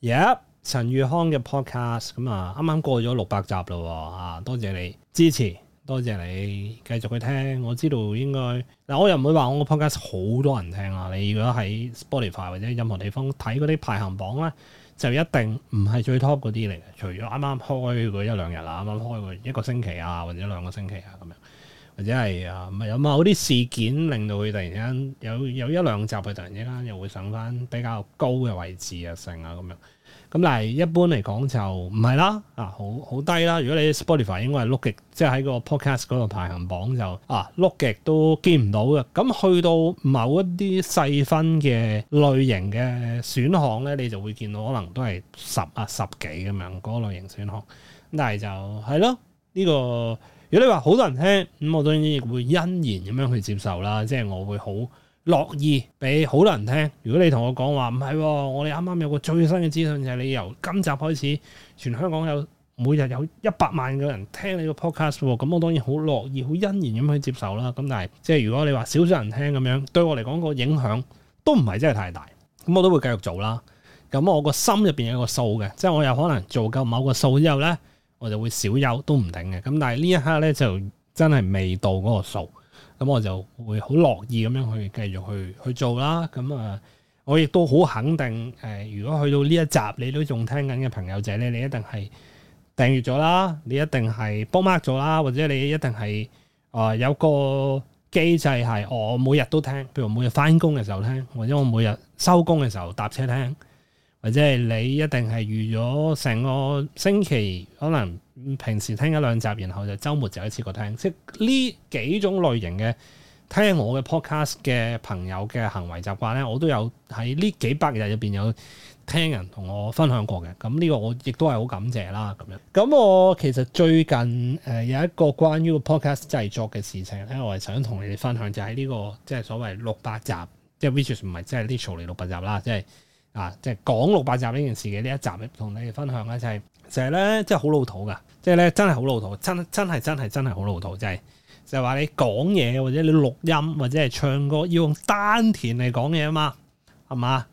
耶、yeah！陳宇康嘅 podcast 咁啊，啱啱過咗六百集啦，啊多謝你支持，多謝你繼續去聽。我知道應該，但我又唔會話我個 podcast 好多人聽啊。你如果喺 Spotify 或者任何地方睇嗰啲排行榜咧，就一定唔係最 top 嗰啲嚟嘅，除咗啱啱開嗰一兩日啊，啱啱開嗰一個星期啊，或者兩個星期啊咁或者係啊，唔係有某啲事件令到佢突然間有有一兩集，佢突然之間又會上返比較高嘅位置啊，成啊咁樣。咁但係一般嚟講就唔係啦，啊好好低啦。如果你 Spotify 應該係碌極，即係喺個 podcast 嗰度排行榜就啊碌極都見唔到嘅。咁去到某一啲細分嘅類型嘅選項咧，你就會見到可能都係十啊十幾咁樣嗰、嗰個、類型選項。咁但係就係咯呢個。如果你話好多人聽，咁我當然亦會欣然咁樣去接受啦，即係我會好樂意俾好多人聽。如果你同我講話唔係，我哋啱啱有個最新嘅資訊，就係你由今集開始，全香港有每日有一百萬個人聽你個 podcast，咁我當然好樂意、好欣然咁去接受啦。咁但係，即係如果你話少少人聽咁樣，對我嚟講個影響都唔係真係太大，咁我都會繼續做啦。咁我個心入邊有個數嘅，即係我有可能做夠某個數之後呢。我就會少有都唔定嘅，咁但係呢一刻咧就真係未到嗰個數，咁我就會好樂意咁樣去繼續去去做啦。咁、嗯、啊，我亦都好肯定、呃，如果去到呢一集你都仲聽緊嘅朋友仔咧，你一定係訂閱咗啦，你一定係 Bookmark 咗啦，或者你一定係、呃、有個機制係、哦、我每日都聽，譬如每日翻工嘅時候聽，或者我每日收工嘅時候搭車聽。或者係你一定係預咗成個星期，可能平時聽一兩集，然後就週末就一次過聽。即係呢幾種類型嘅聽我嘅 podcast 嘅朋友嘅行為習慣咧，我都有喺呢幾百日入邊有聽人同我分享過嘅。咁、這、呢個我亦都係好感謝啦。咁樣咁我其實最近誒有一個關於個 podcast 製作嘅事情咧，我係想同你哋分享，就喺、是、呢、這個即係所謂六百集，即係 which 唔係即係 literally 六百集啦，即係。即啊，即係講六百集呢件事嘅呢一集，同你哋分享咧就係，成日咧真係好老土噶，即係咧真係好老土，真真係真係真係好老土，就係就係話你講嘢或者你錄音或者係唱歌要用丹田嚟講嘢啊嘛，係嘛？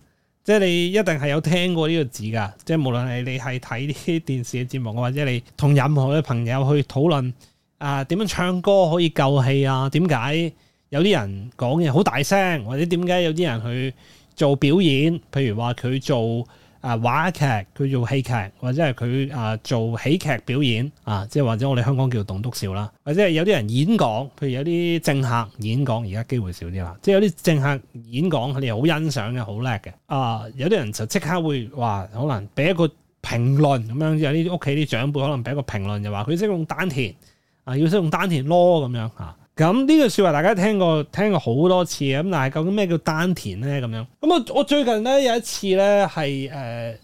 即係你一定係有聽過呢個字噶，即係無論係你係睇啲電視嘅節目或者你同任何嘅朋友去討論啊點樣唱歌可以夠氣啊？點解有啲人講嘢好大聲或者點解有啲人去做表演，譬如話佢做啊、呃、話劇，佢做戲劇，或者係佢啊做喜劇表演啊，即係或者我哋香港叫棟篤笑啦，或者係有啲人演講，譬如有啲政客演講，而家機會少啲啦。即係有啲政客演講，佢哋好欣賞嘅，好叻嘅啊！有啲人就即刻會話，可能俾一個評論咁樣，有啲屋企啲長輩可能俾一個評論，就話佢識用丹田啊，要識用丹田囉咁樣嚇。啊。咁呢句說話大家聽過聽過好多次，咁但係究竟咩叫丹田咧？咁樣，咁我我最近咧有一次咧係誒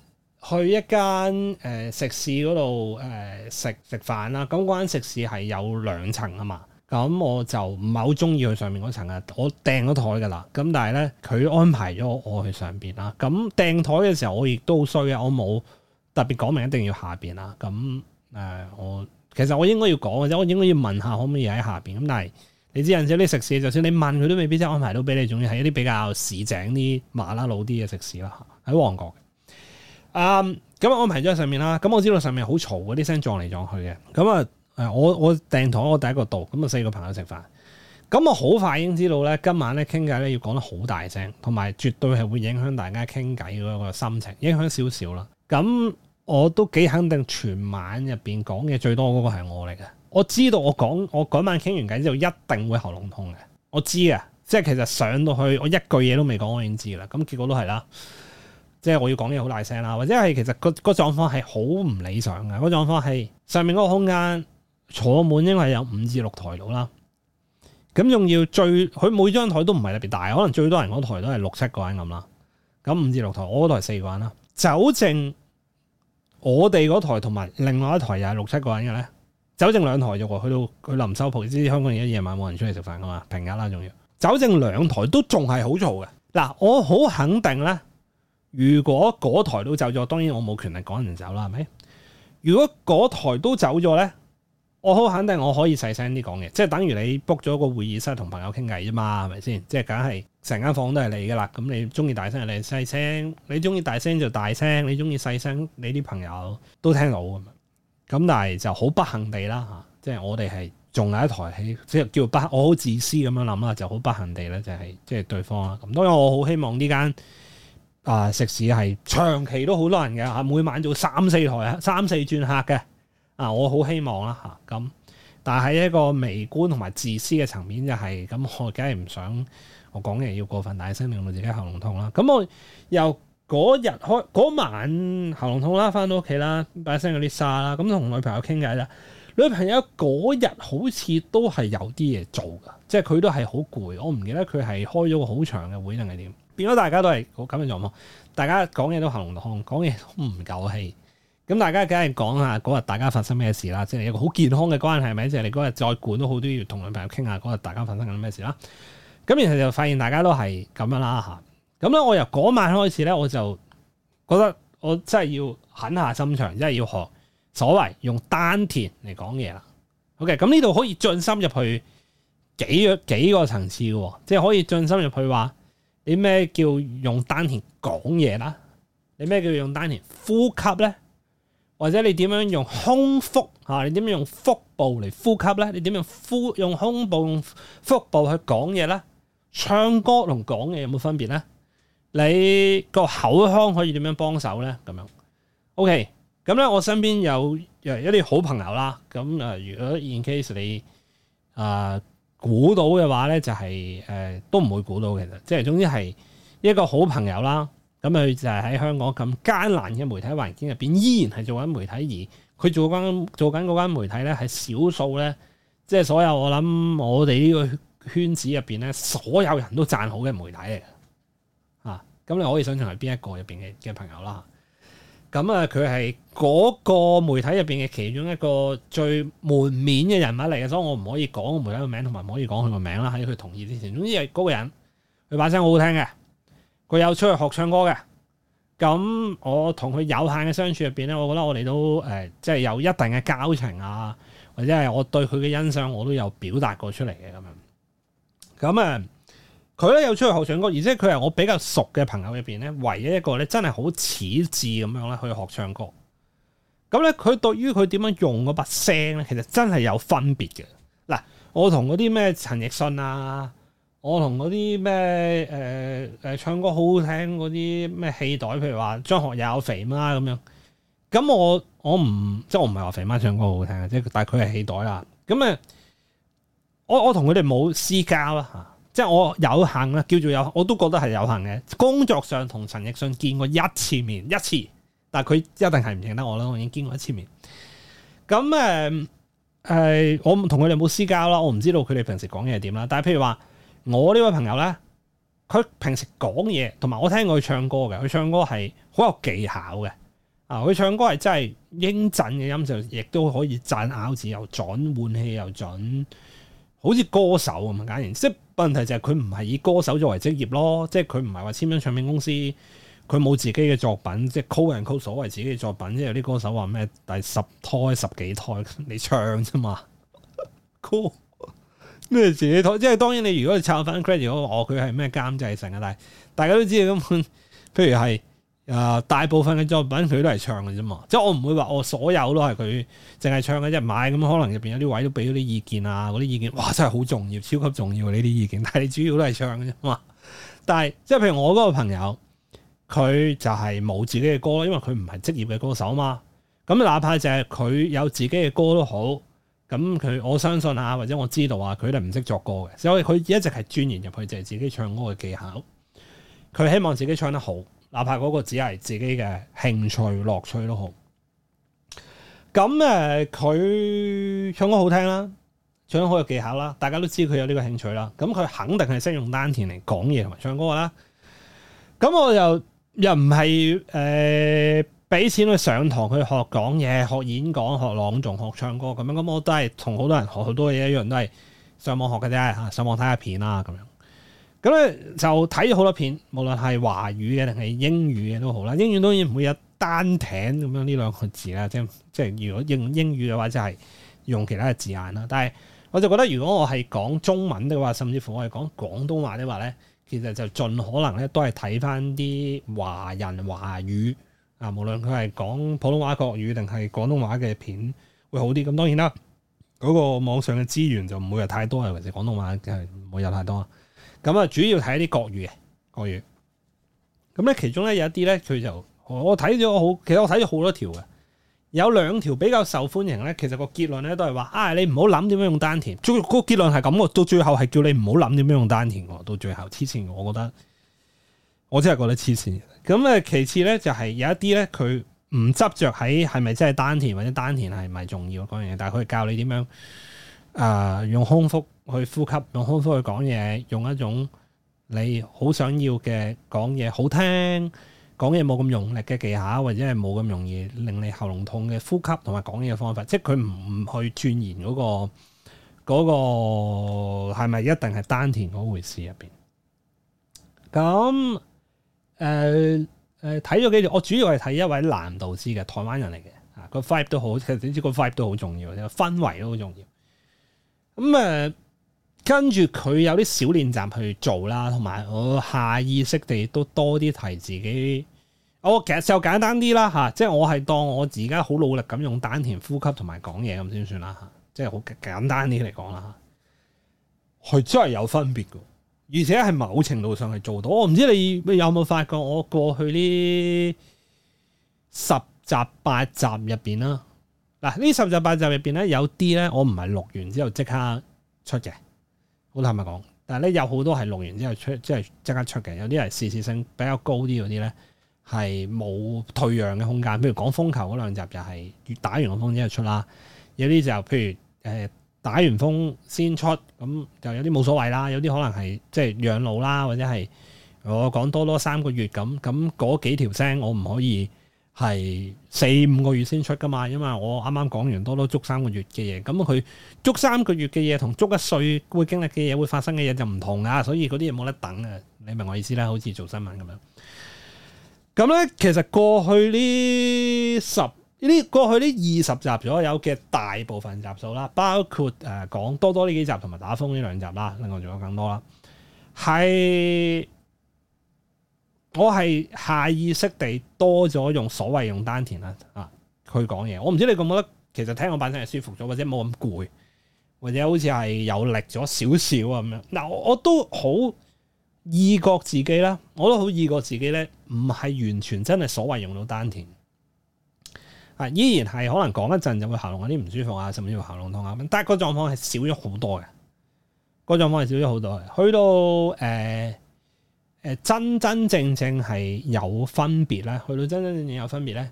去一間誒、呃、食肆嗰度誒食食飯啦。咁嗰間食肆係有兩層啊嘛。咁、嗯、我就唔係好中意去上面嗰層啊，我訂咗台噶啦。咁但係咧佢安排咗我，我去上邊啦。咁、嗯、訂台嘅時候我亦都好衰啊，我冇特別講明一定要下邊啦。咁、嗯、誒、呃、我。其實我應該要講嘅啫，我應該要問下可唔可以喺下邊。咁但係你知，有陣時啲食肆，就算你問佢，都未必真安排到俾你。仲要係一啲比較市井啲、馬拉佬啲嘅食肆啦，喺旺角。咁、嗯、咁、嗯嗯、安排咗喺上面啦。咁、嗯、我知道上面好嘈，嗰啲聲撞嚟撞去嘅。咁啊，誒，我我訂台我第一個度，咁、嗯、啊四個朋友食飯。咁、嗯、我好快已經知道咧，今晚咧傾偈咧要講得好大聲，同埋絕對係會影響大家傾偈嗰個心情，影響少少啦。咁、嗯。我都幾肯定，全晚入邊講嘢最多嗰個係我嚟嘅。我知道我講，我嗰晚傾完偈之後一定會喉嚨痛嘅。我知啊，即係其實上到去我一句嘢都未講，我已經知啦。咁結果都係啦，即係我要講嘢好大聲啦，或者係其實個個狀況係好唔理想嘅。個狀況係上面嗰個空間坐滿，應該係有五至六台度啦。咁仲要最佢每張台都唔係特別大，可能最多人嗰台都係六七個人咁啦。咁五至六台，我嗰台四個人啦，就剩我哋嗰台同埋另外一台又係六七個人嘅咧，走剩兩台就喎，去到去臨收鋪，知香港人而家夜晚冇人出嚟食飯噶嘛，平日啦仲要，走剩兩台都仲係好嘈嘅。嗱，我好肯定咧，如果嗰台都走咗，當然我冇權力趕人走啦，係咪？如果嗰台都走咗咧？我好肯定我可以細聲啲講嘅，即係等於你 book 咗個會議室同朋友傾偈啫嘛，係咪先？即係梗係成間房都係你噶啦，咁你中意大聲就大聲，你中意大聲就大聲，你中意細聲，你啲朋友都聽到咁。咁但係就好不幸地啦嚇，即係我哋係仲有一台戲，即係叫不，我好自私咁樣諗啦，就好不幸地咧就係即係對方啦。咁當然我好希望呢間啊食肆係長期都好多人嘅嚇，每晚做三四台啊，三四轉客嘅。啊！我好希望啦吓，咁但係一個微觀同埋自私嘅層面，就係，就係咁，我梗係唔想我講嘢要過分大聲，令到自己喉嚨痛啦。咁我由嗰日開嗰晚喉嚨痛啦，翻到屋企啦，把聲嗰啲沙啦，咁同女朋友傾偈啦。女朋友嗰日好似都係有啲嘢做噶，即係佢都係好攰。我唔記得佢係開咗個好長嘅會定係點。變咗大家都係咁嘅狀況，大家講嘢都喉嚨痛，講嘢都唔夠氣。咁大家梗係講下嗰日大家發生咩事啦，即係一個好健康嘅關係，係咪？即係你嗰日再管都好，都要同女朋友傾下嗰日大家發生緊咩事啦。咁然後就發現大家都係咁樣啦吓。咁咧，我由嗰晚開始咧，我就覺得我真係要狠下心腸，真係要學所謂用丹田嚟講嘢啦。OK，咁呢度可以進深入去幾幾個層次嘅，即係可以進深入去話，你咩叫用丹田講嘢啦？你咩叫用丹田呼吸咧？或者你點樣用胸腹吓？你點樣用腹部嚟呼吸咧？你點樣呼用胸部、用腹部去講嘢咧？唱歌同講嘢有冇分別咧？你個口腔可以點樣幫手咧？咁樣，OK，咁咧我身邊有有一啲好朋友啦。咁啊，如果 in case 你啊估、呃、到嘅話咧，就係、是、誒、呃、都唔會估到其實，即係總之係一個好朋友啦。咁佢就係喺香港咁艱難嘅媒體環境入面，依然係做緊媒體而佢做緊做緊嗰間媒體呢，係少數呢，即係所有我諗我哋呢個圈子入面呢，所有人都讚好嘅媒體嚟嘅。咁你可以想象係邊一個入面嘅嘅朋友啦。咁啊，佢係嗰個媒體入面嘅其中一個最門面嘅人物嚟嘅，所以我唔可以講個媒體個名同埋唔可以講佢個名啦，喺佢同意之前。總之係嗰個人，佢把聲好好聽嘅。佢有出去學唱歌嘅，咁我同佢有限嘅相處入邊咧，我覺得我哋都誒、呃，即係有一定嘅交情啊，或者係我對佢嘅欣賞，我都有表達過出嚟嘅咁樣。咁啊，佢咧有出去學唱歌，而且佢係我比較熟嘅朋友入邊咧，唯一一個咧真係好似字咁樣咧去學唱歌。咁咧，佢對於佢點樣用嗰把聲咧，其實真係有分別嘅。嗱，我同嗰啲咩陳奕迅啊。我同嗰啲咩誒誒唱歌好好聽嗰啲咩戲袋，譬如話張學友、肥媽咁樣。咁我我唔即係我唔係話肥媽唱歌好好聽，即係但係佢係戲袋啦。咁誒，我我同佢哋冇私交啦嚇，即係我有幸咧叫做有幸，我都覺得係有幸嘅。工作上同陳奕迅見過一次面一次，但係佢一定係唔認得我啦。我已經見過一次面。咁誒誒，我同佢哋冇私交啦。我唔知道佢哋平時講嘢係點啦。但係譬如話。我呢位朋友呢，佢平時講嘢，同埋我聽過佢唱歌嘅。佢唱歌係好有技巧嘅，啊！佢唱歌係真係英俊嘅音色，亦都可以讚咬字又準，換氣又準，好似歌手咁簡然，即係問題就係佢唔係以歌手作為職業咯，即係佢唔係話簽咗唱片公司，佢冇自己嘅作品，即係 call 人 call 所謂自己嘅作品。即係有啲歌手話咩第十胎、十幾胎，你唱啫嘛，call。 cool 咩自己即係當然你如果你抄翻 credit 我佢係咩監製成啊？但係大家都知咁，譬如係大部分嘅作品佢都係唱嘅啫嘛。即係我唔會話我所有都係佢淨係唱嘅，即係買咁可能入邊有啲位都俾咗啲意見啊，嗰啲意見，哇，真係好重要，超級重要嘅呢啲意見。但係你主要都係唱嘅啫嘛。但係即係譬如我嗰個朋友，佢就係冇自己嘅歌，因為佢唔係職業嘅歌手嘛。咁哪怕就係佢有自己嘅歌都好。咁佢我相信啊，或者我知道啊，佢哋唔識作歌嘅，所以佢一直係鑽研入去，就係自己唱歌嘅技巧。佢希望自己唱得好，哪怕嗰個只係自己嘅興趣樂趣都好。咁誒，佢唱歌好聽啦，唱得好有技巧啦，大家都知佢有呢個興趣啦。咁佢肯定係識用丹田嚟講嘢同埋唱歌啦。咁我又又唔係誒。呃俾錢去上堂，去學講嘢、學演講、學朗誦、學唱歌咁樣，咁我都係同好多人學好多嘢一樣，都係上網學嘅啫，上網睇下片啦、啊、咁樣。咁咧就睇咗好多片，無論係華語嘅定係英語嘅都好啦。英語當然唔會有單艇咁樣呢兩個字啦，即即係如果用英語嘅話就係用其他嘅字眼啦。但係我就覺得，如果我係講中文的話，甚至乎我係講廣東話的話咧，其實就盡可能咧都係睇翻啲華人華語。啊，無論佢係講普通話、國語，定係廣東話嘅片會好啲。咁當然啦，嗰個網上嘅資源就唔會有太多，或者廣東話嘅唔會有太多。咁啊，主要睇啲國語嘅國語。咁咧，其中咧有一啲咧，佢就我睇咗，我好其實我睇咗好多條嘅。有兩條比較受歡迎咧，其實個結論咧都係話，啊、哎，你唔好諗點樣用丹田。個結論係咁，到最後係叫你唔好諗點樣用丹田。到最後，黐線，我覺得我真係覺得黐線。咁誒，其次咧就係有一啲咧，佢唔執着喺係咪真係丹田或者丹田係咪重要嗰樣嘢，但係佢教你點樣啊、呃，用胸腹去呼吸，用胸腹去講嘢，用一種你好想要嘅講嘢好聽，講嘢冇咁用力嘅技巧，或者係冇咁容易令你喉嚨痛嘅呼吸同埋講嘢嘅方法，即係佢唔去鑽研嗰個嗰、嗰個係咪一定係丹田嗰回事入邊。咁。誒、呃、誒、睇、呃、咗幾段，我主要係睇一位男導師嘅，台灣人嚟嘅，啊，個 vibe 都好，其實點知個 vibe 都好重要，氛圍都好重要。咁、嗯、誒、呃，跟住佢有啲小練習去做啦，同埋我下意識地都多啲提自己。我、哦、其實就簡單啲啦、吓、啊，即係我係當我自己好努力咁用丹田呼吸同埋講嘢咁先算啦、啊，即係好簡單啲嚟講啦。係、啊、真係有分別嘅。而且係某程度上係做到，我、哦、唔知你有冇發覺，我過去呢十集八集入邊啦，嗱呢十集八集入邊咧，有啲咧我唔係錄完之後即刻出嘅，好坦白講，但係咧有好多係錄完之後出，即係即刻出嘅，有啲係時效性比較高啲嗰啲咧，係冇退讓嘅空間，譬如講風球嗰兩集就係打完個風之後出啦，有啲就譬如誒。呃打完風先出，咁就有啲冇所謂啦，有啲可能係即係養老啦，或者係我講多多三個月咁，咁嗰幾條聲我唔可以係四五個月先出㗎嘛，因為我啱啱講完多多足三個月嘅嘢，咁佢足三個月嘅嘢同足一歲會經歷嘅嘢會發生嘅嘢就唔同啊，所以嗰啲嘢冇得等啊，你明我意思啦，好似做新聞咁樣。咁咧，其實過去呢十。呢啲過去呢二十集左右嘅大部分集數啦，包括誒講多多呢幾集同埋打風呢兩集啦，另外仲有更多啦。係我係下意識地多咗用所謂用丹田啦，啊，佢講嘢，我唔知你覺唔覺得，其實聽我把聲係舒服咗，或者冇咁攰，或者好似係有力咗少少咁樣。嗱，我都好意覺自己啦，我都好意覺自己咧，唔係完全真係所謂用到丹田。依然係可能講一陣就會喉嚨有啲唔舒服啊，甚至乎喉嚨痛啊咁。但係個狀況係少咗好多嘅，個狀況係少咗好多嘅。去到誒誒、呃、真真正正係有分別咧，去到真真正正有分別咧，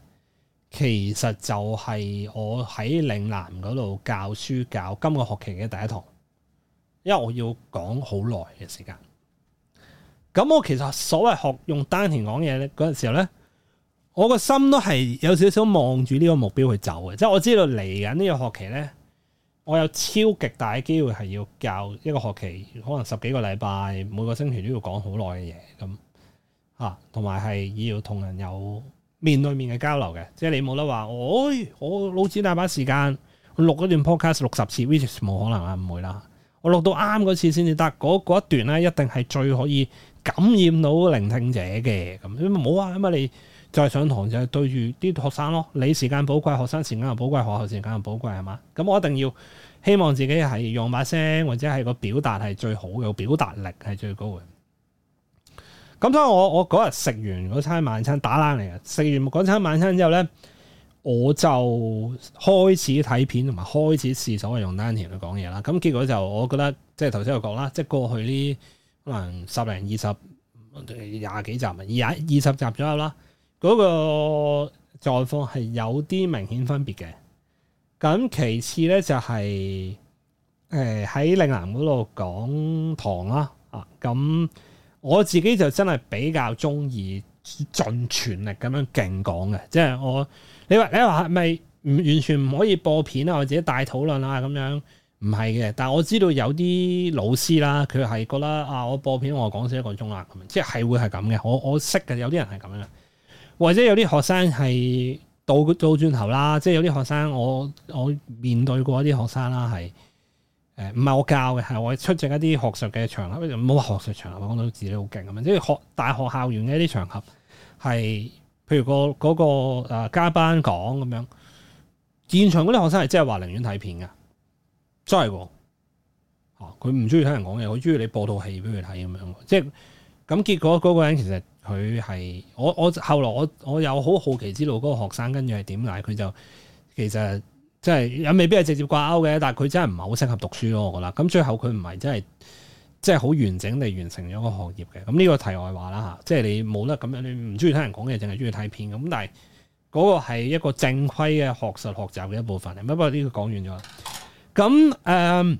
其實就係我喺嶺南嗰度教書教今個學期嘅第一堂，因為我要講好耐嘅時間。咁我其實所謂學用丹田講嘢咧，嗰陣時候咧。我個心都係有少少望住呢個目標去走嘅，即係我知道嚟緊呢個學期呢，我有超極大嘅機會係要教一個學期，可能十幾個禮拜，每個星期都要講好耐嘅嘢咁，同埋係要同人有面對面嘅交流嘅，即係你冇得話，哎，我老子大把時間錄一段 podcast 六十次，which 冇可能啊，唔會啦，我錄到啱嗰次先至得，嗰一段呢，一定係最可以感染到聆聽者嘅，咁冇唔啊，咁啊你。再、就係、上堂就係、係、對住啲學生咯，你時間寶貴，學生時間又寶貴，學校時間又寶貴，係嘛？咁我一定要希望自己係用把聲，或者係個表達係最好嘅，表達力係最高嘅。咁所以我我嗰日食完嗰餐晚餐打冷嚟嘅，食完嗰餐晚餐之後咧，我就開始睇片同埋開始試所謂用丹田去講嘢啦。咁結果就我覺得，即係頭先我講啦，即係過去呢可能十零二十廿幾集啊，廿二,二,二,二,二十集左右啦。嗰、那個狀況係有啲明顯分別嘅。咁其次咧就係誒喺嶺南嗰度講堂啦，啊咁我自己就真係比較鍾意盡全力咁樣勁講嘅，即、就、係、是、我你話你話係咪唔完全唔可以播片啊或者大討論啊咁樣，唔係嘅。但我知道有啲老師啦，佢係覺得啊，我播片我講少一個鐘啦，咁即係會係咁嘅。我我識嘅有啲人係咁樣嘅。或者有啲學生係到倒轉頭啦，即係有啲學生我我面對過一啲學生啦，係唔係我教嘅，係我出席一啲學術嘅場合，唔好話學術場合，講到自己好勁咁樣，即係學大學校園嘅一啲場合，係譬如個嗰個誒加班講咁樣，現場嗰啲學生係真係話寧願睇片㗎，真係喎、啊，佢唔中意聽人講嘢，佢中意你播套戲俾佢睇咁樣，即係咁結果嗰個人其實。佢係我我後來我我有好好奇知道嗰個學生跟住係點解。佢就其實即係又未必係直接掛鈎嘅，但係佢真係唔係好適合讀書咯，我覺得咁最後佢唔係真係即係好完整地完成咗個學業嘅。咁呢個題外話啦吓，即係你冇得咁樣，你唔中意聽人講嘢，淨係中意睇片咁。但係嗰個係一個正規嘅學術學習嘅一部分嚟。不過呢個講完咗，咁誒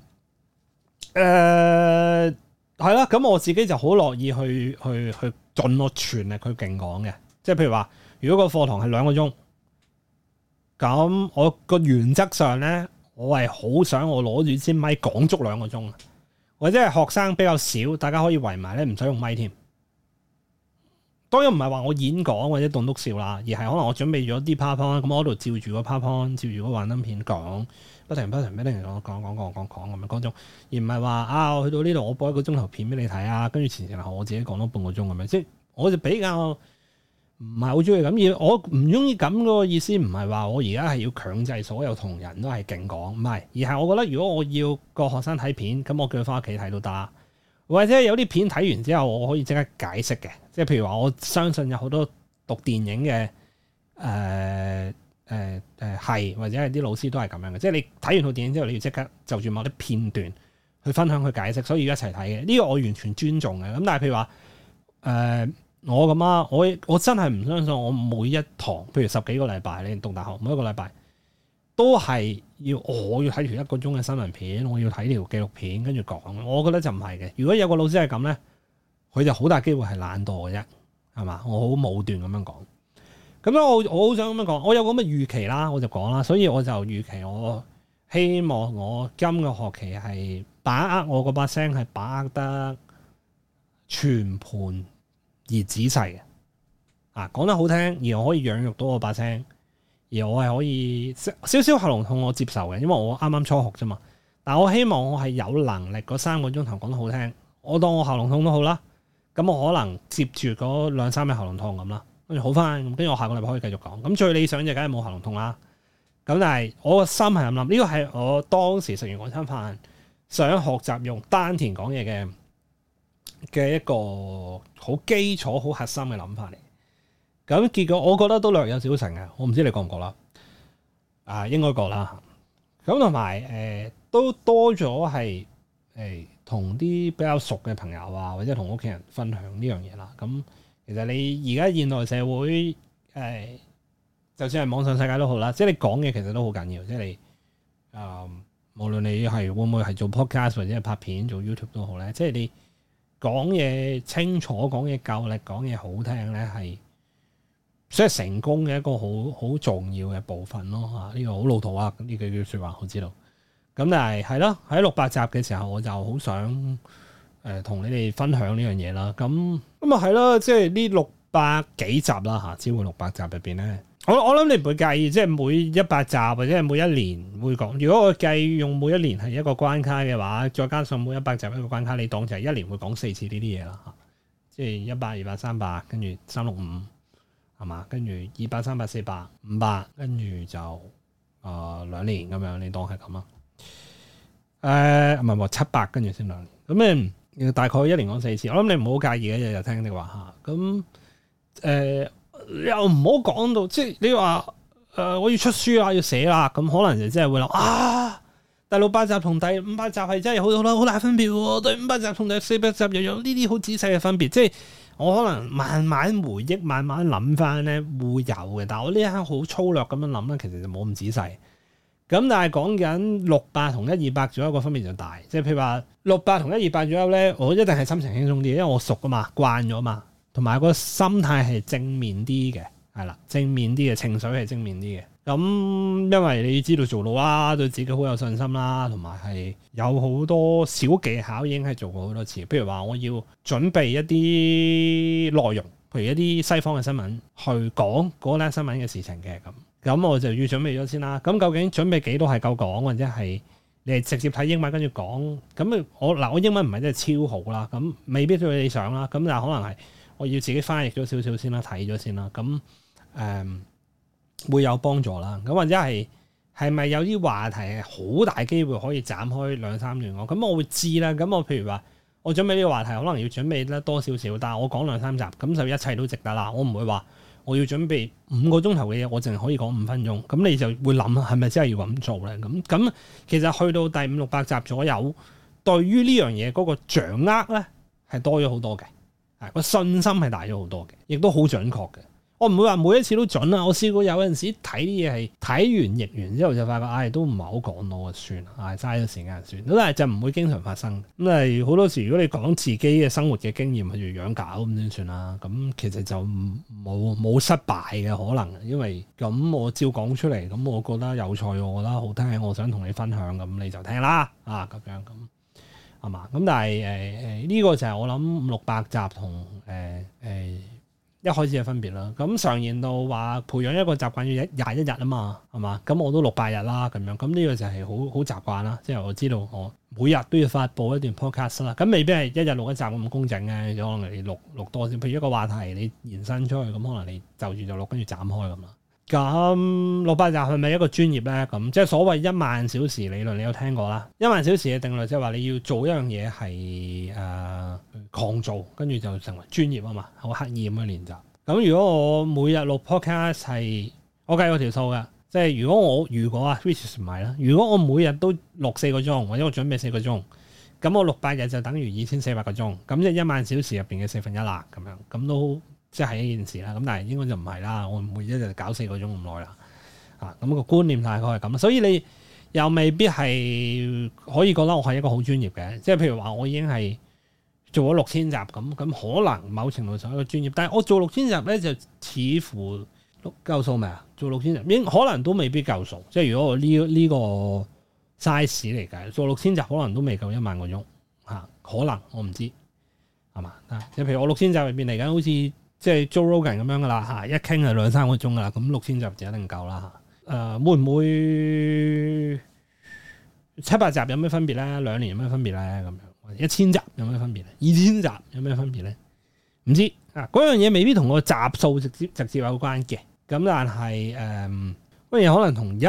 誒係啦。咁、嗯嗯、我自己就好樂意去去去。去盡我全力佢勁講嘅，即係譬如話，如果個課堂係兩個鐘，咁我個原則上呢，我係好想我攞住支咪講足兩個鐘，或者係學生比較少，大家可以圍埋呢，唔使用咪添。當然唔係話我演講或者棟篤笑啦，而係可能我準備咗啲 PowerPoint，咁我度照住個 PowerPoint，照住個幻燈片講。不停不停不停講講講講講講咁樣講鐘，而唔係話啊我去到呢度我播一個鐘頭片俾你睇啊，跟住前前後後我自己講多半個鐘咁樣，即係我就比較唔係好中意咁樣。我唔中意咁個意思，唔係話我而家係要強制所有同仁都係勁講，唔係，而係我覺得如果我要個學生睇片，咁我叫佢翻屋企睇都得，或者有啲片睇完之後，我可以即刻解釋嘅。即係譬如話，我相信有好多讀電影嘅誒。呃誒誒係，或者係啲老師都係咁樣嘅，即係你睇完套電影之後，你要即刻就住某啲片段去分享去解釋，所以要一齊睇嘅。呢個我完全尊重嘅。咁但係譬如話誒、呃，我咁啊，我我真係唔相信我每一堂，譬如十幾個禮拜你讀大學，每一個禮拜都係要我要睇條一個鐘嘅新聞片，我要睇條紀錄片，跟住講。我覺得就唔係嘅。如果有個老師係咁咧，佢就好大機會係懶惰嘅啫，係嘛？我好武斷咁樣講。咁樣我我好想咁樣講，我有個乜預期啦，我就講啦，所以我就預期我希望我今個學期係把握我個把聲係把握得全盤而仔細嘅，啊講得好聽，而我可以養育到我把聲，而我係可以少少喉嚨痛我接受嘅，因為我啱啱初學啫嘛。但我希望我係有能力嗰三個鐘頭講得好聽，我當我喉嚨痛都好啦，咁我可能接住嗰兩三日喉嚨痛咁啦。跟住好翻，跟住我下個禮拜可以繼續講。咁最理想就梗係冇喉嚨痛啦。咁但係我心、我個心係咁諗，呢個係我當時食完嗰餐飯，想學習用丹田講嘢嘅嘅一個好基礎、好核心嘅諗法嚟。咁結果我覺得都略有小成嘅，我唔知你覺唔覺啦。啊，應該覺啦。咁同埋誒，都多咗係誒，同、哎、啲比較熟嘅朋友啊，或者同屋企人分享呢樣嘢啦。咁、嗯。其實你而家現代社會，誒，就算係網上世界都好啦，即係你講嘢其實都好緊要，即係，誒、嗯，無論你係會唔會係做 podcast 或者係拍片做 YouTube 都好咧，即係你講嘢清楚、講嘢夠力、講嘢好聽咧，係，所以成功嘅一個好好重要嘅部分咯吓，呢個好老土啊，呢句說話我知道，咁但係係咯，喺六百集嘅時候我就好想。誒、呃，同你哋分享呢樣嘢啦，咁咁啊係啦，即係、啊、呢六百幾集啦吓，超過六百集入邊咧，我我諗你唔會介意，即係每一百集或者每一年會講。如果我計用每一年係一個關卡嘅話，再加上每一百集一個關卡，你當就係一年會講四次呢啲嘢啦吓，即係一百、二百、三、呃、百，跟住三六五係嘛，跟住二百、三百、四百、五百，跟住就誒兩年咁樣，你當係咁啊？誒唔係唔係七百，跟住先兩年咁。嗯大概一年講四次，我諗你唔好介意嘅，日日聽你話嚇。咁誒、呃、又唔好講到，即係你話誒、呃，我要出書啦，要寫啦，咁可能就真係會諗啊，第六八集同第五八集係真係好好，好大分別喎、啊，對五八集同第四八集又有呢啲好仔細嘅分別。即係我可能慢慢回憶，慢慢諗翻咧會有嘅，但係我呢一刻好粗略咁樣諗啦，其實就冇咁仔細。咁但係講緊六百同一二百左右個分別就大，即係譬如話六百同一二百左右咧，我一定係心情輕鬆啲，因為我熟㗎嘛，慣咗嘛，同埋個心態係正面啲嘅，係啦，正面啲嘅情緒係正面啲嘅。咁因為你知道做到啦對自己好有信心啦，同埋係有好多小技巧已經係做過好多次。譬如話我要準備一啲內容，譬如一啲西方嘅新聞去講嗰單新聞嘅事情嘅咁。咁我就要準備咗先啦。咁究竟準備幾多係夠講，或者係你係直接睇英文跟住講？咁我嗱，我英文唔係真係超好啦。咁未必對你想啦。咁但係可能係我要自己翻譯咗少，少少先啦，睇咗先啦。咁誒、嗯、會有幫助啦。咁或者係係咪有啲話題係好大機會可以斬開兩三段我？咁我會知啦。咁我譬如話，我準備呢個話題，可能要準備得多少少，但係我講兩三集，咁就一切都值得啦。我唔會話。我要準備五個鐘頭嘅嘢，我淨係可以講五分鐘，咁你就會諗係咪真係要咁做咧？咁咁其實去到第五六百集左右，對於呢樣嘢嗰個掌握咧係多咗好多嘅，啊個信心係大咗好多嘅，亦都好準確嘅。我唔會話每一次都準啊，我試過有陣時睇啲嘢，係睇完譯完之後就發覺唉都唔係好講到啊，算唉嘥咗時間算，咁但係就唔會經常發生。咁係好多時，如果你講自己嘅生活嘅經驗，譬如養狗咁先算啦，咁其實就冇冇失敗嘅可能，因為咁我照講出嚟，咁我覺得有趣，我覺得好聽，我想同你分享，咁你就聽啦啊，咁樣咁係嘛？咁但係誒誒呢個就係我諗五六百集同誒誒。呃呃一開始嘅分別啦，咁常言到道話培養一個習慣要廿一日啊嘛，係嘛？咁我都六百日啦，咁樣，咁呢個就係好好習慣啦。即係我知道我每日都要發布一段 podcast 啦，咁未必係一日錄一集咁工整嘅，可能你錄錄多啲，譬如一個話題你延伸出去，咁可能你就住就錄，跟住斬開咁啦。咁六百日係咪一個專業咧？咁即係所謂一萬小時理論，你有聽過啦？一萬小時嘅定律即係話你要做一樣嘢係誒狂做，跟住就成為專業啊嘛，好刻意咁樣練習。咁如果我每日錄 podcast 係，我計過條數㗎。即係如果我如果啊，Rich 唔係啦，如果我每日都六四個鐘，或者我準備四個鐘，咁我六百日就等於二千四百個鐘，咁即係一萬小時入面嘅四分一啦。咁樣咁都。即係一件事啦，咁但係應該就唔係啦，我唔會一日搞四個鐘咁耐啦，啊咁個觀念大概係咁，所以你又未必係可以覺得我係一個好專業嘅，即係譬如話我已經係做咗六千集咁，咁可能某程度上一個專業，但係我做六千集咧就似乎夠數未啊？做六千集應可能都未必夠數，即係如果我呢呢個 size 嚟嘅，做六千集可能都未夠一萬個鐘，啊，可能我唔知係嘛？啊，即係譬如我六千集入面嚟緊好似。即係 Joe Rogan 咁樣噶啦吓，一傾係兩三個鐘噶啦，咁六千集就一定夠啦吓。誒，會唔會七百集有咩分別咧？兩年有咩分別咧？咁樣，一千集有咩分別咧？二千集有咩分別咧？唔知啊，嗰樣嘢未必同個集數直接直接有關嘅。咁但係誒，嗰樣嘢可能同一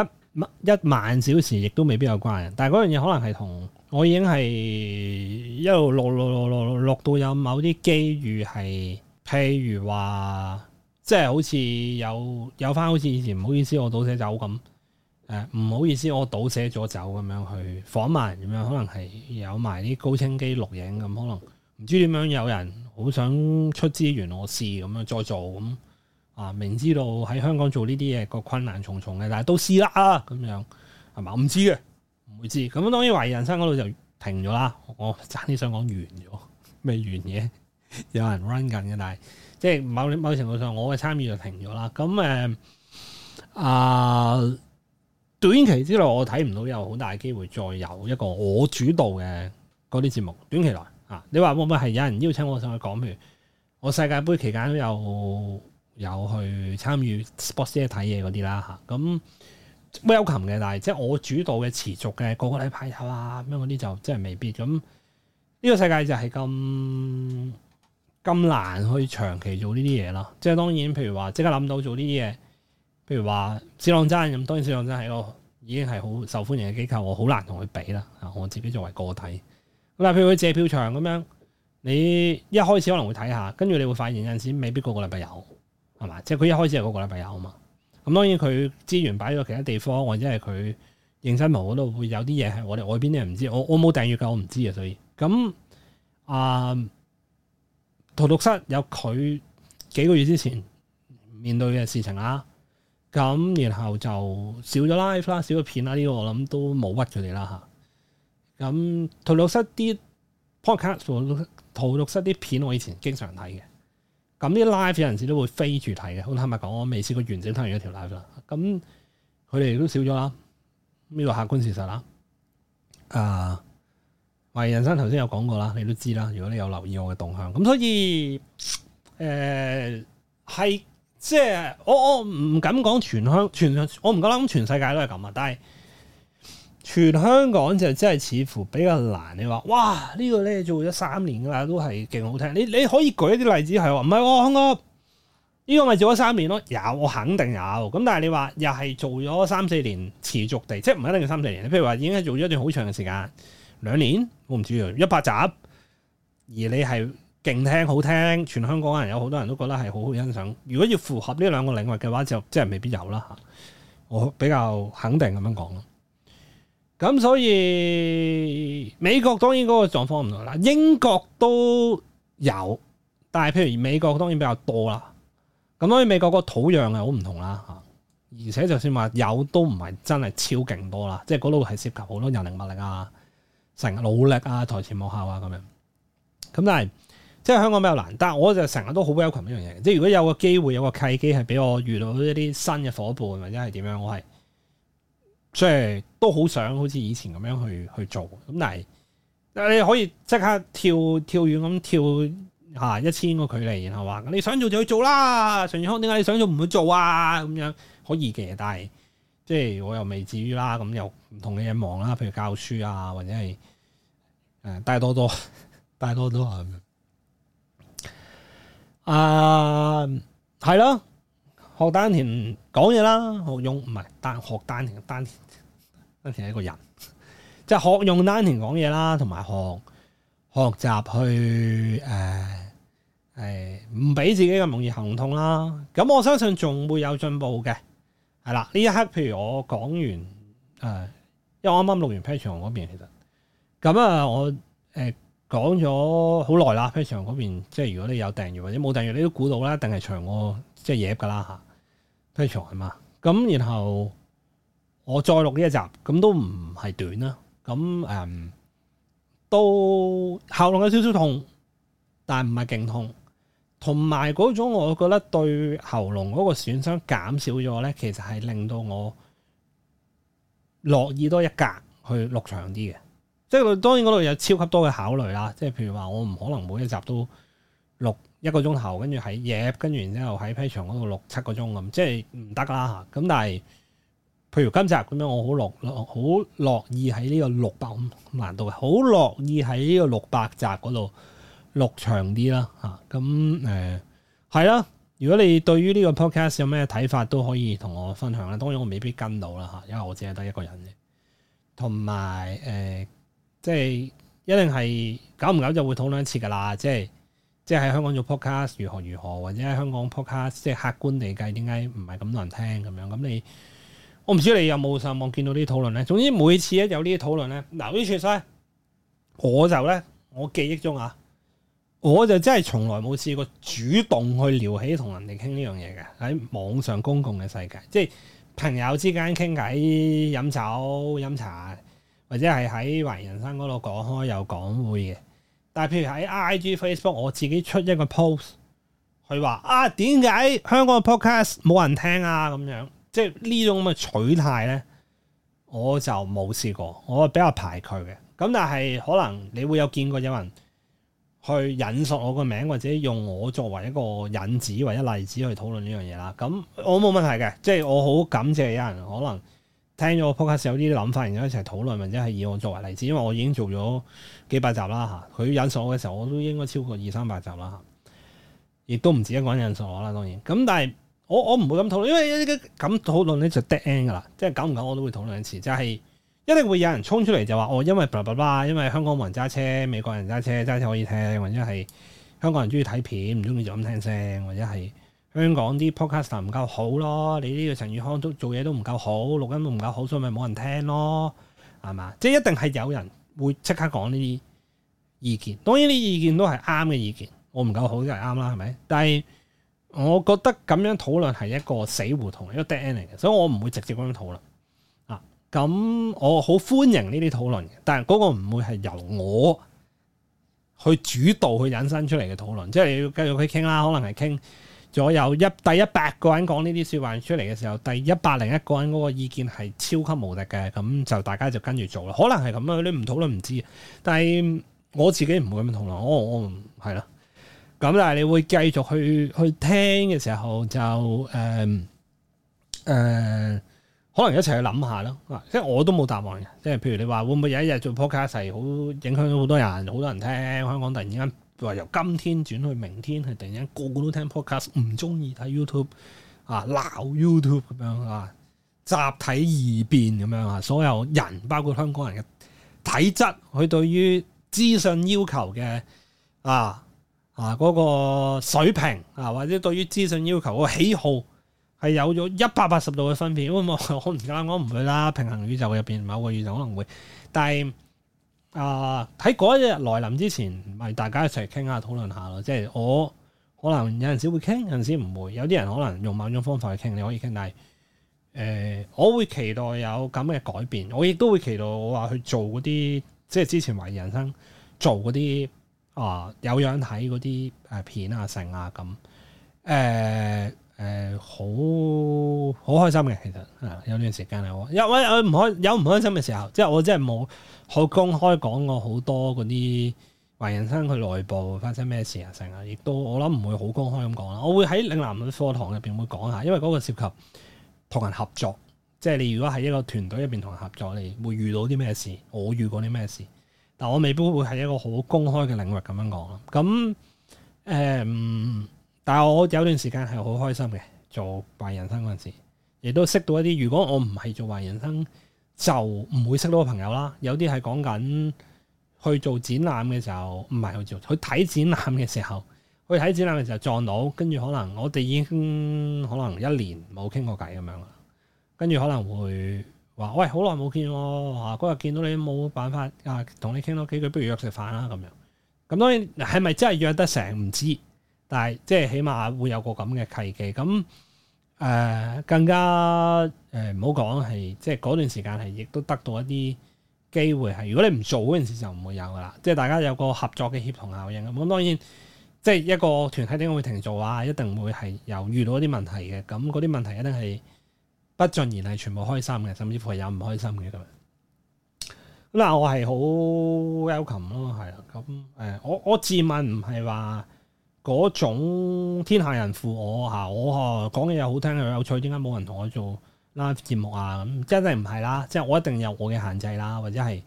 一萬小時亦都未必有關嘅。但係嗰樣嘢可能係同我已經係一路落落落落落落到有某啲機遇係。譬如話，即係好似有有翻好似以前唔好意思我寫，我倒寫走咁，誒，唔好意思，我倒寫咗走咁樣去訪問咁樣，可能係有埋啲高清機錄影咁，可能唔知點樣有人好想出資源我試咁樣再做咁啊，明知道喺香港做呢啲嘢個困難重重嘅，但係都試啦啊，咁樣係嘛，唔知嘅唔會知，咁當然懷疑人生嗰度就停咗啦，我差啲想講完咗未完嘅。 有人 run 緊嘅，但係即係某某程度上，我嘅參與就停咗啦。咁誒，啊、呃，短期之內我睇唔到有好大機會再有一個我主導嘅嗰啲節目。短期內啊，你話會唔會係有人邀請我上去講？譬如我世界杯期間都有有去參與 sports 嘅睇嘢嗰啲啦，吓咁 welcome 嘅。但係即係我主導嘅持續嘅，個個禮拜頭啊，咁樣嗰啲就真係未必。咁呢個世界就係咁。咁難去長期做呢啲嘢啦。即係當然譬，譬如話即刻諗到做呢啲嘢，譬如話志朗真咁，當然志朗真係一個已經係好受歡迎嘅機構，我好難同佢比啦。我自己作為個體，咁譬如佢借票場咁樣，你一開始可能會睇下，跟住你會發現有陣時未必個個禮拜有，係嘛？即係佢一開始係個個禮拜有嘛？咁當然佢資源擺咗其他地方，或者係佢認新毛度會有啲嘢係我哋外邊啲人唔知，我我冇訂閲嘅，我唔知啊。所以咁啊。陶六室有佢幾個月之前面對嘅事情啦，咁然後就少咗 live 啦，少咗片啦，呢個我諗都冇屈佢哋啦嚇。咁陶六室啲 podcast，陶六室啲片我以前經常睇嘅，咁啲 live 有陣時都會飛住睇嘅，好坦白講，我未試過完整睇完一條 live 啦。咁佢哋都少咗啦，呢個客觀事實啦。啊～喂，人生頭先有講過啦，你都知啦。如果你有留意我嘅動向，咁所以誒係、呃、即係我我唔敢講全香全我唔覺得全世界都係咁啊！但係全香港就真係似乎比較難。你話哇呢，這個咧做咗三年噶啦，都係勁好聽。你你可以舉一啲例子係話唔係，香港呢，這個咪做咗三年咯？有，我肯定有。咁但係你話又係做咗三四年持續地，即係唔一定係三四年。你譬如話已經係做咗一段好長嘅時間。兩年我唔知，一百集，而你係勁聽好聽，全香港人有好多人都覺得係好好欣賞。如果要符合呢兩個領域嘅話，就即係未必有啦吓。我比較肯定咁樣講咯。咁所以美國當然嗰個狀況唔同啦，英國都有，但係譬如美國當然比較多啦。咁所以美國個土壤係好唔同啦吓，而且就算話有，都唔係真係超勁多啦，即係嗰度係涉及好多人力物力啊。成日努力啊，台前幕後啊，咁樣，咁但係即係香港比較難得，我就成日都好 welcome 呢樣嘢，即係如果有個機會，有個契機係俾我遇到一啲新嘅伙伴，或者係點樣，我係即係都好想好似以前咁樣去去做，咁但係你可以即刻跳跳遠咁跳吓一千個距離，然後話你想做就去做啦，陳志康，點解你想做唔去做啊？咁樣可以嘅，但係即係我又未至於啦，咁又。唔同嘅嘢忙啦，譬如教書啊，或者係誒、呃，大多多，大多多係啊，係、嗯、咯、呃，學丹田講嘢啦，學用唔係，學丹田，丹田丹田係一個人，即、就、係、是、學用丹田講嘢啦，同埋學學習去誒誒，唔、呃、俾、哎、自己嘅妄念行動啦。咁我相信仲會有進步嘅，係啦，呢一刻，譬如我講完誒。嗯因為我啱啱錄完 Patreon 嗰邊，其實咁啊，我誒講咗好耐啦。Patreon 嗰邊即係如果你有訂閱或者冇訂閱，你都估到啦，定係長我即係嘢嘅啦吓 Patreon 嘛？咁然後我再錄呢一集，咁都唔係短啦。咁誒都喉嚨有少少痛，但唔係勁痛。同埋嗰種我覺得對喉嚨嗰個損傷減少咗咧，其實係令到我。樂意多一格去錄長啲嘅，即係當然嗰度有超級多嘅考慮啦。即係譬如話我唔可能每一集都錄一個鐘頭，跟住喺嘢，跟住然之後喺 Patreon 嗰度錄七個鐘咁，即係唔得啦吓。咁但係，譬如今集咁樣，我好樂好樂意喺呢個六百五難度，好樂意喺呢個六百集嗰度錄長啲啦吓。咁誒，係啦。啊嗯如果你對於呢個 podcast 有咩睇法都可以同我分享啦，當然我未必跟到啦嚇，因為我只係得一個人嘅。同埋，呃，即係一定係久唔久就會討論一次噶啦，即係即係喺香港做 podcast 如何如何，或者喺香港 podcast 即係客觀地計點解唔係咁多人聽咁樣。咁你我唔知你有冇上網見到呢啲討論咧。總之每次一有呢啲討論咧，嗱呢串西，我就咧我記憶中啊我就真係從來冇試過主動去聊起同人哋傾呢樣嘢嘅，喺網上公共嘅世界，即係朋友之間傾偈、飲酒、飲茶，或者係喺華人生嗰度講開又講會嘅。但係譬如喺 IG Facebook，我自己出一個 post，去話啊，點解香港嘅 podcast 冇人聽啊？咁樣，即係呢種咁嘅取態咧，我就冇試過，我比較排斥嘅。咁但係可能你會有見過有人。去引述我個名，或者用我作為一個引子或者例子去討論呢樣嘢啦。咁我冇問題嘅，即係我好感謝有人可能聽咗我 podcast 有啲諗法，然後一齊討論，或者係以我作為例子，因為我已經做咗幾百集啦嚇。佢引述我嘅時候，我都應該超過二三百集啦嚇。亦都唔止一個人引述我啦，當然。咁但係我我唔會咁討論，因為一咁討論咧就 dead end 噶啦，即係久唔久我都會討論一次，即係。一定會有人衝出嚟就話哦，因為 b l 因為香港冇人揸車，美國人揸車揸車可以聽，或者係香港人中意睇片唔中意就咁聽聲，或者係香港啲 podcast 唔夠好咯，你呢個陳宇康做都做嘢都唔夠好，錄音都唔夠好，所以咪冇人聽咯，係嘛？即、就、係、是、一定係有人會即刻講呢啲意見，當然呢啲意見都係啱嘅意見，我唔夠好都係啱啦，係咪？但係我覺得咁樣討論係一個死胡同，一個 dead end 嚟嘅，所以我唔會直接咁樣討論。咁我好歡迎呢啲討論，但係嗰個唔會係由我去主導去引申出嚟嘅討論，即係你要繼續去傾啦。可能係傾左右一第一百個人講呢啲説話出嚟嘅時候，第一百零一個人嗰個意見係超級無敵嘅，咁就大家就跟住做啦。可能係咁啊，你唔討論唔知，但係我自己唔會咁樣討論哦，我唔係啦。咁但係你會繼續去去聽嘅時候就誒、呃呃可能一齊去諗下咯，即係我都冇答案嘅。即係譬如你話會唔會有一日做 podcast 係好影響咗好多人，好多人聽香港突然之間話由今天轉去明天，係突然間個個都聽 podcast，唔中意睇 YouTube 啊，鬧 YouTube 咁樣啊，集體易變咁樣啊，所有人包括香港人嘅體質，佢對於資訊要求嘅啊啊嗰個水平啊，或者對於資訊要求個喜好。係有咗一百八十度嘅分別，我唔啱，我唔會啦。平衡宇宙入邊某個宇宙可能會，但係啊喺嗰一日來臨之前，咪大家一齊傾下討論下咯。即係我可能有陣時會傾，有陣時唔會。有啲人可能用某種方法去傾，你可以傾，但係誒、呃，我會期待有咁嘅改變。我亦都會期待我話去做嗰啲，即係之前懷疑人生做嗰啲啊有樣睇嗰啲誒片啊成啊咁誒。呃誒、呃，好好開心嘅，其實有段時間啊，有我我唔開有唔開心嘅時候，即係我真係冇好公開講過好多嗰啲為人生去內部發生咩事啊，成啊，亦都我諗唔會好公開咁講啦，我會喺嶺南嘅課堂入邊會講下，因為嗰個涉及同人合作，即係你如果喺一個團隊入邊同人合作，你會遇到啲咩事，我遇過啲咩事，但我未必會喺一個好公開嘅領域咁樣講咯。咁誒，呃但係我有段時間係好開心嘅，做壞人生嗰陣時，亦都識到一啲。如果我唔係做壞人生，就唔會識到個朋友啦。有啲係講緊去做展覽嘅時候，唔係去做，去睇展覽嘅時候，去睇展覽嘅時候，去睇展覽嘅時候撞到，跟住可能我哋已經可能一年冇傾過偈咁樣啦。跟住可能會話：喂，好耐冇見喎！嗰日見到你冇辦法啊，同你傾多幾句，不如約食飯啦咁樣。咁當然係咪真係約得成唔知？但係即係起碼會有個咁嘅契機，咁誒、呃、更加誒唔好講係即係嗰段時間係亦都得到一啲機會係。如果你唔做嗰陣時就唔會有噶啦，即係大家有個合作嘅協同效應。咁當然即係一個團體點解會停做啊？一定會係有遇到啲問題嘅。咁嗰啲問題一定係不盡然係全部開心嘅，甚至乎係有唔開心嘅咁。咁嗱、呃，我係好 welcome 咯，係啦。咁誒，我我自問唔係話。嗰種天下人負我嚇，我啊講嘢又好聽又有趣，點解冇人同我做 live 節目啊？咁真係唔係啦，即係我一定有我嘅限制啦，或者係、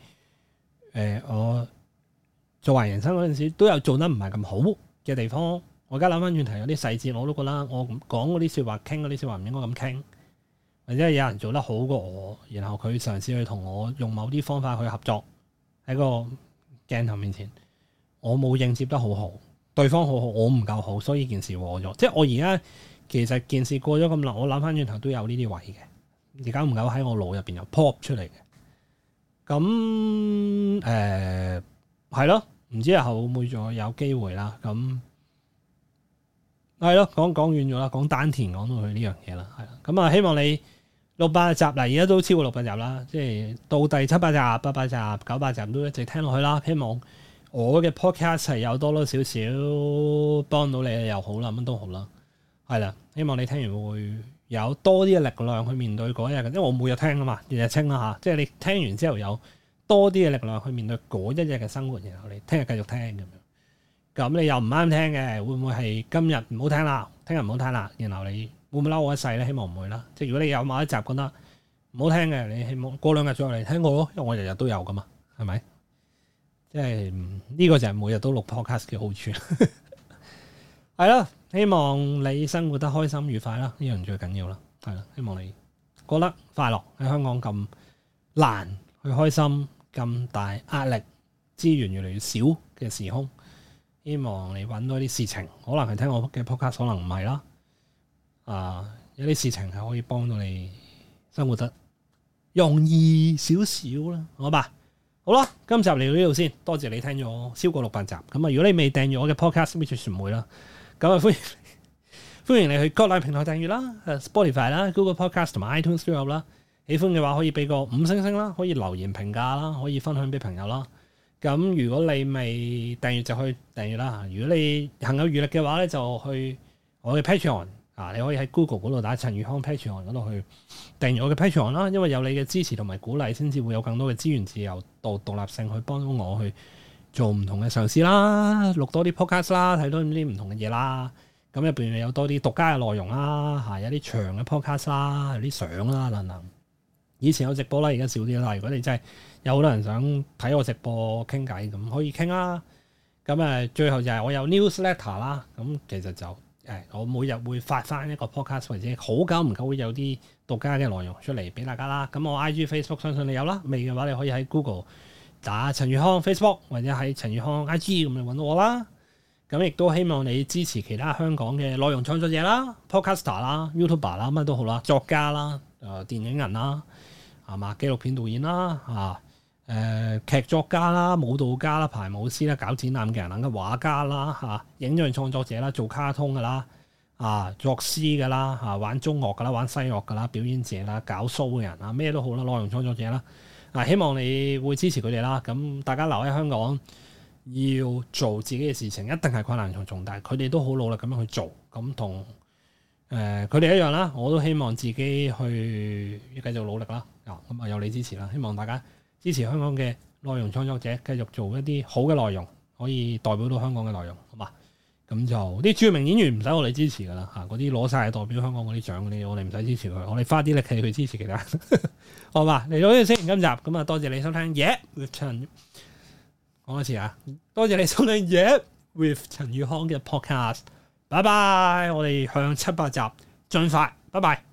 呃、我做為人生嗰陣時都有做得唔係咁好嘅地方。我而家諗翻轉頭有啲細節，我都覺得我講嗰啲說話、傾嗰啲說話唔應該咁傾，或者係有人做得好過我，然後佢嘗試去同我用某啲方法去合作喺個鏡頭面前，我冇應接得好好。對方好好，我唔夠好，所以件事和咗。即係我而家其實件事過咗咁耐，我諗翻轉頭都有呢啲位嘅。而家唔夠喺我腦入邊有 pop 出嚟嘅。咁誒係咯，唔知後會唔會再有機會啦。咁係咯，講講遠咗啦，講丹田講到去呢樣嘢啦，係啦。咁啊，希望你六百集啦，而家都超過六百集啦，即係到第七百集、八百集、九百集都一直聽落去啦。希望。我嘅 podcast 係有多多少少幫到你又好啦，乜都好啦，係啦。希望你聽完會有多啲嘅力量去面對嗰一日嘅，因為我每日聽啊嘛，日日清啦吓。即係你聽完之後有多啲嘅力量去面對嗰一日嘅生活。然後你聽日繼續聽咁樣。咁你又唔啱聽嘅，會唔會係今日唔好聽啦？不要聽日唔好聽啦？然後你會唔會嬲我一世咧？希望唔會啦。即係如果你有某一集覺得唔好聽嘅，你希望過兩日再嚟聽過咯，因為我日日都有噶嘛，係咪？即係呢個就係每日都錄 podcast 嘅好處，係啦。希望你生活得開心愉快啦，呢樣最緊要啦。係啦，希望你覺得快樂喺香港咁難去開心，咁大壓力，資源越嚟越少嘅時空，希望你揾多啲事情，可能係聽我嘅 podcast，可能唔係啦。啊，有啲事情係可以幫到你生活得容易少少啦，好吧？好啦，今集嚟到呢度先，多謝你聽咗超過六百集。咁啊，如果你未訂閱我嘅 podcast，咪全唔會啦。咁啊，歡迎歡迎你去各大平台訂閱啦，Spotify 啦、啊、Spotify, Google Podcast 同埋 iTunes 都有啦。喜歡嘅話可以俾個五星星啦，可以留言評價啦，可以分享俾朋友啦。咁如果你未訂閱就去訂閱啦。如果你行有餘力嘅話咧，就去我嘅 Patreon 啊！你可以喺 Google 嗰度打陳宇康 page 行嗰度去訂我嘅 page 行啦，因為有你嘅支持同埋鼓勵，先至會有更多嘅資源自由度獨，獨立性去幫到我去做唔同嘅嘗試啦，錄多啲 podcast 啦，睇多啲唔同嘅嘢啦，咁入你有多啲獨家嘅內容啦，啊、有啲長嘅 podcast 啦，有啲相啦，等等。以前有直播啦，而家少啲啦。如果你真係有好多人想睇我直播傾偈咁，可以傾啦。咁、啊、最後就係我有 news letter 啦。咁其實就～哎、我每日會發翻一個 podcast 或者好久唔夠會有啲獨家嘅內容出嚟俾大家啦。咁我 IG、Facebook 相信你有啦，未嘅話你可以喺 Google 打陳宇康 Facebook 或者喺陳宇康 IG 咁就揾到我啦。咁亦都希望你支持其他香港嘅內容創作者啦、podcaster 啦、YouTuber 啦乜都好啦、作家啦、呃、電影人啦，係、啊、嘛紀錄片導演啦、嚇誒、呃，劇作家啦、舞蹈家啦、排舞師啦、搞展覽嘅人啦、畫家啦、吓、啊、影像創作者啦、做卡通嘅啦、啊作詩嘅啦、吓、啊、玩中樂嘅啦、玩西樂嘅啦、表演者啦、搞 show 嘅人啦，咩都好啦，內容創作者啦，嗱、啊，希望你會支持佢哋啦。咁大家留喺香港要做自己嘅事情，一定係困難重重，但係佢哋都好努力咁樣去做，咁同誒佢哋一樣啦。我都希望自己去繼續努力啦。咁啊有你支持啦，希望大家，支持香港嘅內容創作者，繼續做一啲好嘅內容，可以代表到香港嘅內容，好嘛？咁就啲著名演員唔使我哋支持㗎喇，吓嗰啲攞晒代表香港嗰啲獎啲，我哋唔使支持佢，我哋花啲力氣去支持其他，呵呵好嘛？嚟到呢先，今集咁啊，多謝你收聽 yeah, 陳，耶！with 陳，講多次啊，多謝你收聽 yeah, bye bye，耶！with 陳宇康嘅 podcast，拜拜，我哋向七百集進發，拜拜。